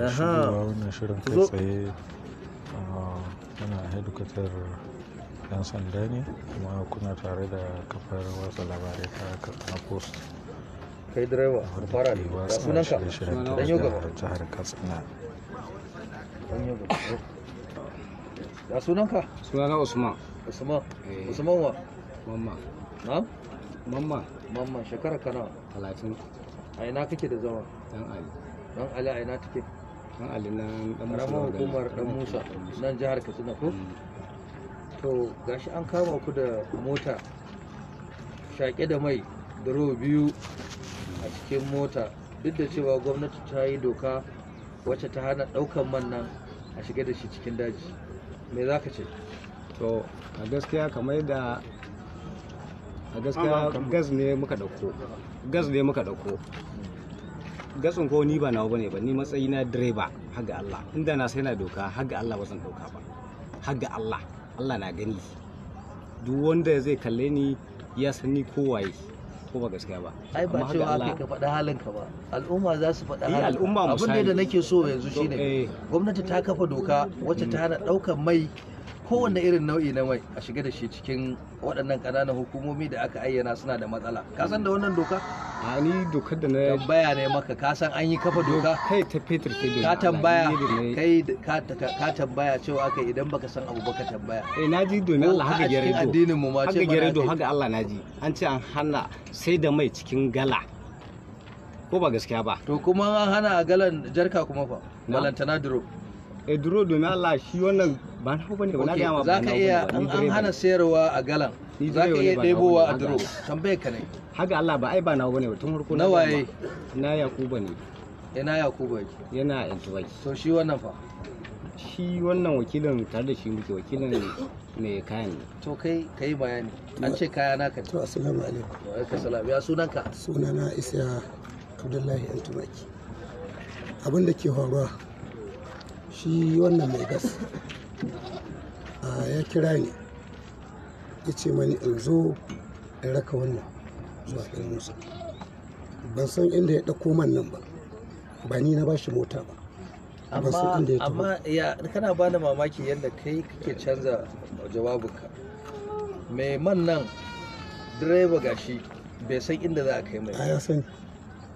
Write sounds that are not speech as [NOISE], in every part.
Eh, shirin kai tsaye ah, muna 'yan sanda ne kuma kuna tare da kafar watsa labarai ta Post. Kai direba, fara ne, ga sunanka, dan yau gaba. Jihar Katsina. Dan yau gaba. Ga sunanka? Sunana Usman. Usman? Eh. Usman wa? Mamma. Na? Mamma. Mamma, shekarar kana? Talatin. A ina kake da zama? Dan Ali. dan ala ina take dan ali na dan musa hukumar dan musa nan jihar katsina ko mm. to gashi an kama ku da mota shaƙe da mai da biyu a cikin mota duk da cewa gwamnati ta yi doka wacce ta hana ɗaukan man nan a shige da shi cikin daji me za ka ce to a gaskiya kamar da a gaskiya gas ne muka ɗauko gas ne muka ɗauko gatsin ko ni ba nawa bane ba ni matsayi na direba haga Allah inda na sai na doka haga Allah ba zan doka ba haga Allah Allah na gani duk wanda zai kalle ni ya san ni kowaye ko ba gaskiya ba ai ba cewa kai ka faɗa halinka ba al'umma za su faɗa eh, halin al'umma abin da nake so yanzu shine eh. gwamnati ta kafa doka wacce ta hana daukar mai kowanne irin nau'i na mai a shiga da shi cikin waɗannan ƙananan hukumomi da aka ayyana suna da matsala ka san da wannan doka a ni dokar da na tambaya ne maka ka san an yi kafa doka kai ta fetur ke ka tambaya kai ka tambaya cewa aka idan baka san abu baka tambaya eh naji don Allah haka gere do addinin mu ma ce haka gere do haka Allah naji an ce an hana sai da mai cikin gala ko ba gaskiya ba to kuma an hana a galan jarka kuma fa balantana duro eh duro don Allah shi wannan ba na bane ba na ga ma zaka iya an hana sayarwa a galan zaka iya ɗebowa a duro tambaye ka ne Haga Allah ba ai ba na bane ba tun harko na waye na Yakuba ne yana Yakuba yana Intuwai to shi wannan fa shi wannan wakilin tare da shi muke wakilin mai kayan to kai kai bayani an ce kaya naka to assalamu alaikum wa alaikum salam ya sunanka sunana Isa Abdullahi Intuwai abin da ke horo, shi wannan mai gas ya kira ni ya ce mani in zo in raka wannan zuwa gidan musa ban san inda ya ɗauko man nan ba ba ni na bashi mota ba amma amma ya kana bani mamaki yadda kai kake canza jawabinka mai man nan direba gashi bai san inda za a kai mai ya sani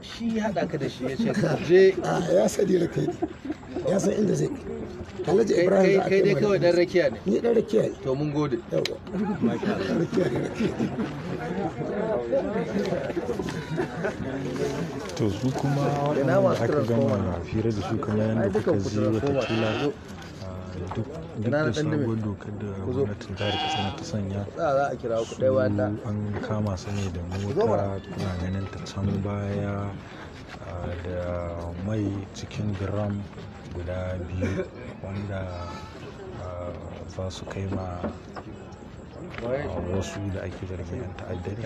shi haɗa ka da shi ya ce je [LAUGHS] ya sani da kai ya san inda zai kai alhaji ibrahim kai dai kawai dan rakiya ne ni dan rakiya ne to mun gode yawa masha Allah [LAUGHS] rakiya ne to su kuma waɗanda aka gama fira da su kamar yadda kuka ji watakila ah, duk da sabuwar dokar da gwamnatin jihar katsina ta sanya su an kama su ne da mota kuna ganin ta can baya ah, da mai cikin gram guda biyu wanda ah, za su kai ma ah, wasu da ake zargin 'yan ta'adda ne